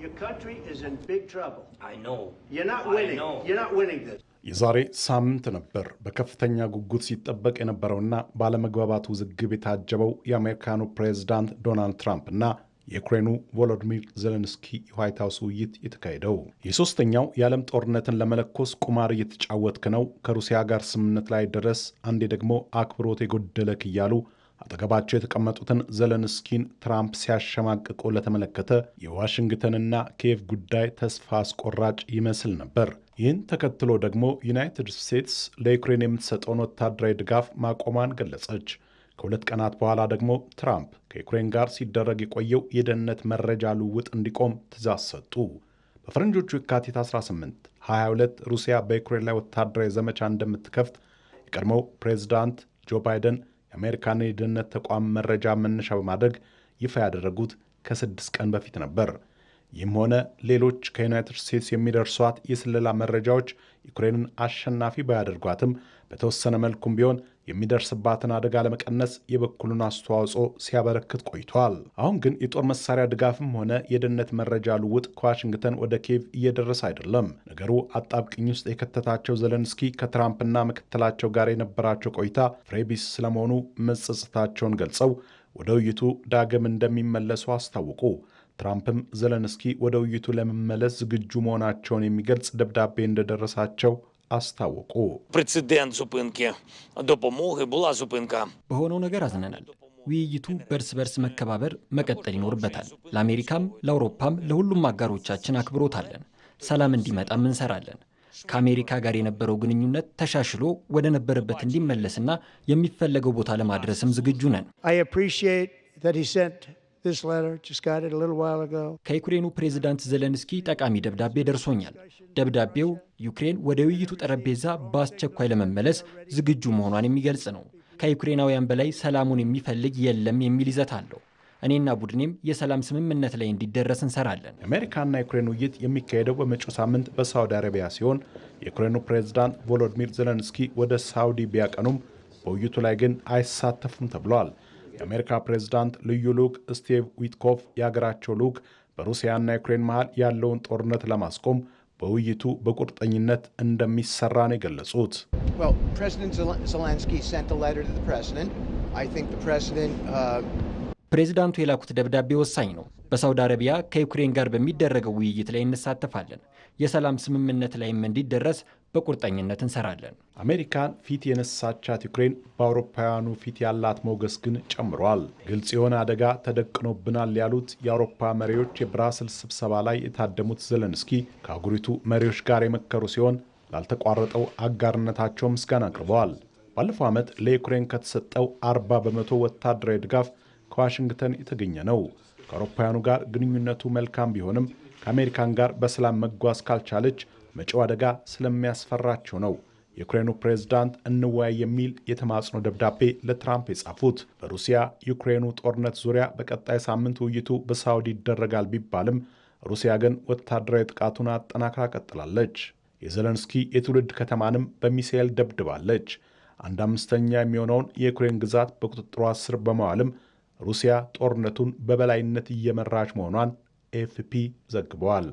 Your country is in big trouble. I know. You're not winning. You're not winning this. የዛሬ ሳምንት ነበር በከፍተኛ ጉጉት ሲጠበቅ የነበረውና ባለመግባባት ውዝግብ የታጀበው የአሜሪካኑ ፕሬዝዳንት ዶናልድ ትራምፕ እና የዩክሬኑ ቮሎዲሚር ዜሌንስኪ የዋይት ሀውስ ውይይት የተካሄደው የሦስተኛው የዓለም ጦርነትን ለመለኮስ ቁማር እየተጫወትክ ነው፣ ከሩሲያ ጋር ስምምነት ላይ ድረስ አንዴ ደግሞ አክብሮት የጎደለክ እያሉ አጠገባቸው የተቀመጡትን ዘለንስኪን ትራምፕ ሲያሸማቅቁ ለተመለከተ የዋሽንግተንና ኪየቭ ጉዳይ ተስፋ አስቆራጭ ይመስል ነበር። ይህን ተከትሎ ደግሞ ዩናይትድ ስቴትስ ለዩክሬን የምትሰጠውን ወታደራዊ ድጋፍ ማቆሟን ገለጸች። ከሁለት ቀናት በኋላ ደግሞ ትራምፕ ከዩክሬን ጋር ሲደረግ የቆየው የደህንነት መረጃ ልውውጥ እንዲቆም ትእዛዝ ሰጡ። በፈረንጆቹ የካቲት 18 22 ሩሲያ በዩክሬን ላይ ወታደራዊ ዘመቻ እንደምትከፍት የቀድሞው ፕሬዚዳንት ጆ ባይደን የአሜሪካን የደህንነት ተቋም መረጃ መነሻ በማድረግ ይፋ ያደረጉት ከስድስት ቀን በፊት ነበር። ይህም ሆነ ሌሎች ከዩናይትድ ስቴትስ የሚደርሷት የስለላ መረጃዎች ዩክሬንን አሸናፊ ባያደርጓትም በተወሰነ መልኩም ቢሆን የሚደርስባትን አደጋ ለመቀነስ የበኩሉን አስተዋጽኦ ሲያበረክት ቆይቷል። አሁን ግን የጦር መሳሪያ ድጋፍም ሆነ የደህንነት መረጃ ልውጥ ከዋሽንግተን ወደ ኬቭ እየደረሰ አይደለም። ነገሩ አጣብቅኝ ውስጥ የከተታቸው ዘለንስኪ ከትራምፕና ምክትላቸው ጋር የነበራቸው ቆይታ ፍሬቢስ ስለመሆኑ መጸጸታቸውን ገልጸው ወደ ውይይቱ ዳግም እንደሚመለሱ አስታወቁ። ትራምፕም ዘለንስኪ ወደ ውይይቱ ለመመለስ ዝግጁ መሆናቸውን የሚገልጽ ደብዳቤ እንደደረሳቸው አስታወቁ። በሆነው ነገር አዝነናል። ውይይቱ በእርስ በርስ መከባበር መቀጠል ይኖርበታል። ለአሜሪካም፣ ለአውሮፓም፣ ለሁሉም አጋሮቻችን አክብሮት አለን። ሰላም እንዲመጣም እንሰራለን። ከአሜሪካ ጋር የነበረው ግንኙነት ተሻሽሎ ወደ ነበረበት እንዲመለስና የሚፈለገው ቦታ ለማድረስም ዝግጁ ነን። ከዩክሬኑ ፕሬዝዳንት ዘለንስኪ ጠቃሚ ደብዳቤ ደርሶኛል። ደብዳቤው ዩክሬን ወደ ውይይቱ ጠረጴዛ በአስቸኳይ ለመመለስ ዝግጁ መሆኗን የሚገልጽ ነው። ከዩክሬናውያን በላይ ሰላሙን የሚፈልግ የለም የሚል ይዘት አለው። እኔና ቡድኔም የሰላም ስምምነት ላይ እንዲደረስ እንሰራለን። አሜሪካና ዩክሬን ውይይት የሚካሄደው በመጪው ሳምንት በሳውዲ አረቢያ ሲሆን የዩክሬኑ ፕሬዝዳንት ቮሎዲሚር ዘለንስኪ ወደ ሳውዲ ቢያቀኑም በውይይቱ ላይ ግን አይሳተፉም ተብለዋል። የአሜሪካ ፕሬዝዳንት ልዩ ልዑክ ስቲቭ ዊትኮፍ የሀገራቸው ልዑክ በሩሲያና ዩክሬን መሃል ያለውን ጦርነት ለማስቆም በውይይቱ በቁርጠኝነት እንደሚሰራ ነው የገለጹት። uh, ፕሬዚዳንቱ የላኩት ደብዳቤ ወሳኝ ነው። በሳውዲ አረቢያ ከዩክሬን ጋር በሚደረገው ውይይት ላይ እንሳተፋለን። የሰላም ስምምነት ላይም እንዲደረስ በቁርጠኝነት እንሰራለን። አሜሪካን ፊት የነሳቻት ዩክሬን በአውሮፓውያኑ ፊት ያላት ሞገስ ግን ጨምሯል። ግልጽ የሆነ አደጋ ተደቅኖብናል ያሉት የአውሮፓ መሪዎች የብራስልስ ስብሰባ ላይ የታደሙት ዘለንስኪ ከአህጉሪቱ መሪዎች ጋር የመከሩ ሲሆን ላልተቋረጠው አጋርነታቸው ምስጋና አቅርበዋል። ባለፈው ዓመት ለዩክሬን ከተሰጠው 40 በመቶ ወታደራዊ ድጋፍ ከዋሽንግተን የተገኘ ነው። ከአውሮፓውያኑ ጋር ግንኙነቱ መልካም ቢሆንም ከአሜሪካን ጋር በሰላም መጓዝ ካልቻለች መጪው አደጋ ስለሚያስፈራቸው ነው የዩክሬኑ ፕሬዝዳንት እንወያይ የሚል የተማጽኖ ደብዳቤ ለትራምፕ የጻፉት። በሩሲያ ዩክሬኑ ጦርነት ዙሪያ በቀጣይ ሳምንት ውይይቱ በሳውዲ ይደረጋል ቢባልም ሩሲያ ግን ወታደራዊ ጥቃቱን አጠናክራ ቀጥላለች። የዘለንስኪ የትውልድ ከተማንም በሚሳኤል ደብድባለች። አንድ አምስተኛ የሚሆነውን የዩክሬን ግዛት በቁጥጥሯ ስር በመዋልም ሩሲያ ጦርነቱን በበላይነት እየመራች መሆኗን ኤፍፒ ዘግበዋል።